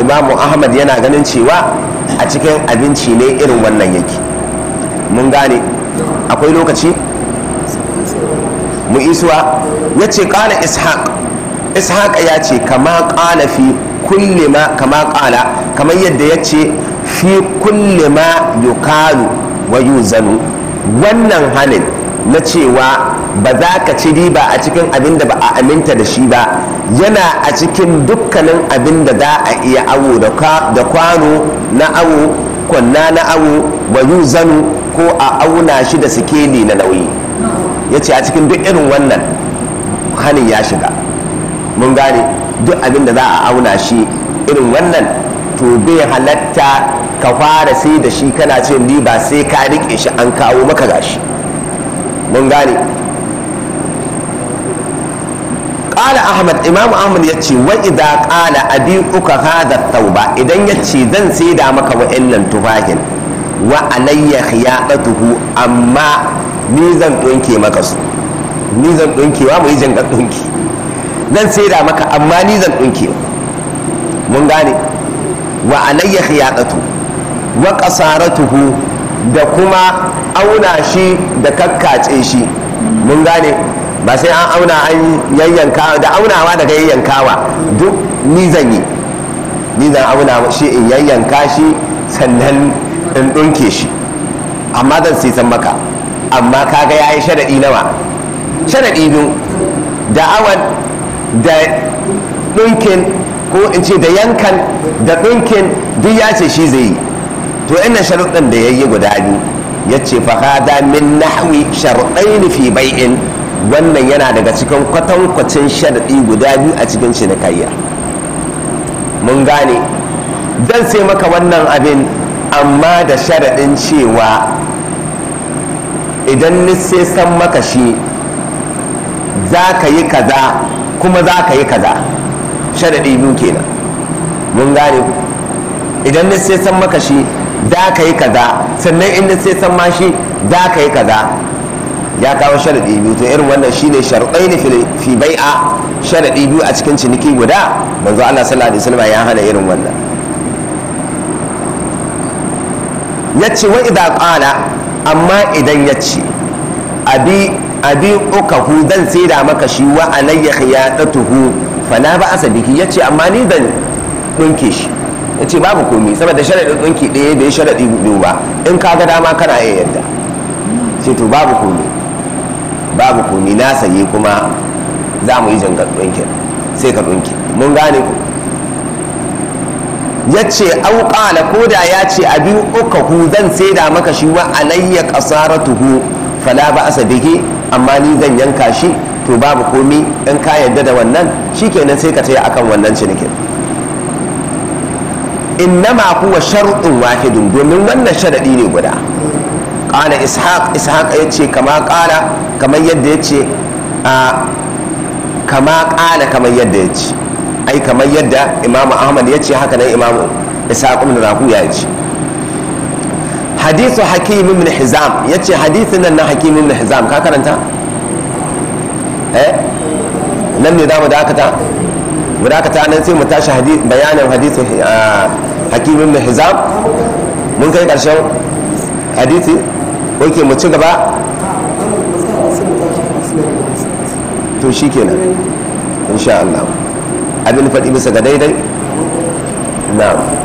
imamu ahmad yana ganin cewa a cikin abinci ne irin wannan yake mun gane akwai lokaci mu isuwa ya ce kala ishaq ishaq ya ce kama kala fi kulle ma kama kala kamar yadda ya ce fi kulle ma yukalu wa yuzanu wannan halin na cewa ba za ka ci riba a cikin abin da ba a aminta da shi ba yana a cikin dukkanin abin da za a iya awo da kwano na awo kwanna na awo wa yuzanu ko a auna shi da sikeli na nauyi ya ce a cikin duk irin wannan hannun ya shiga mun gane duk abin da za a auna shi irin wannan to bai halatta ka fara sai da shi kana ce ni ba sai ka riƙe shi an kawo maka gashi mun gane Ƙala ahmad احمد امام ya yace wa idza ƙala abi uka hada tauba idan ya ce zan sai da maka nan tufahin wa alayya khiyadatuhu amma ni zan ɗunke maka su ni zan wa mu yi zan ɗunki zan da maka amma ni zan ɗunke mun gane wa alayya khiyadatu wa qasaratuhu da kuma auna shi da kakkace shi mun gane ba sai an auna an yayyanka da aunawa daga yayyankawa duk ni zan yi ni zan auna shi in yayyanka shi sannan in ɗunke shi amma zan sai san maka amma kaga ya yi sharaɗi nawa sharaɗi biyu da awan da ɗunkin ko in ce da yankan da ɗunkin duk ya ce shi zai yi to ina sharuɗin da ya yi guda biyu ya ce fahada min nahwi sharuɗaini fi bai'in wannan yana daga cikin kwatankwacin sharaɗi guda biyu a cikin cinikayya mun gane zan sai maka wannan abin amma da sharaɗin cewa idan nisse san maka shi za ka yi kaza kuma za ka yi kaza sharaɗi biyu kenan mun gane idan nisse san maka shi za ka yi kaza sannan in nisse san ma shi za ka yi kaza ya kawo sharaɗi biyu to irin wannan shine sharaɗai ne fi bai'a sharaɗi biyu a cikin ciniki guda manzo Allah sallallahu alaihi wasallam ya hana irin wannan ya ce wa idan kala amma idan ya ce abi abi hu zan da maka shi wa alayya khiyatatuhu fala ba asabiki ya ce amma ni zan ɗunke shi ya ce babu komi saboda sharaɗin ɗunke ɗaya bai sharaɗi biyu ba in ka ga dama kana iya yadda sai to babu komi babu komi na saye kuma za mu yi jangar ɗinkin sai ka ɗinki mun gane ku ya ce ƙala ko da ya ce a biyu uka hu zan saida maka shi wa alayya tuhu fala ba asa bihi amma ni zan yanka shi to babu komi in ka yarda da wannan shi shikenan sai ka taya akan wannan cinikin innama kuwa shar'un wahidun domin wannan sharadi ne guda Ƙala ishaq ishaq ce kama ƙala kamar yadda ya a kama kamar yadda yace ai kamar yadda imamu ahmad ya ce haka nan imamu isaqu na rahuya ya ce hadithu hakim ibn hizam ya ce hadithu nan na hakim ibn hizam ka karanta eh nan ne zamu dakata mu dakata nan sai mu tashi bayanin hadithu eh, hakim ibn hizam mun kai karshen hadithi oke mu ci gaba to shikenan insha Allah abin faɗi bisa ga daidai na.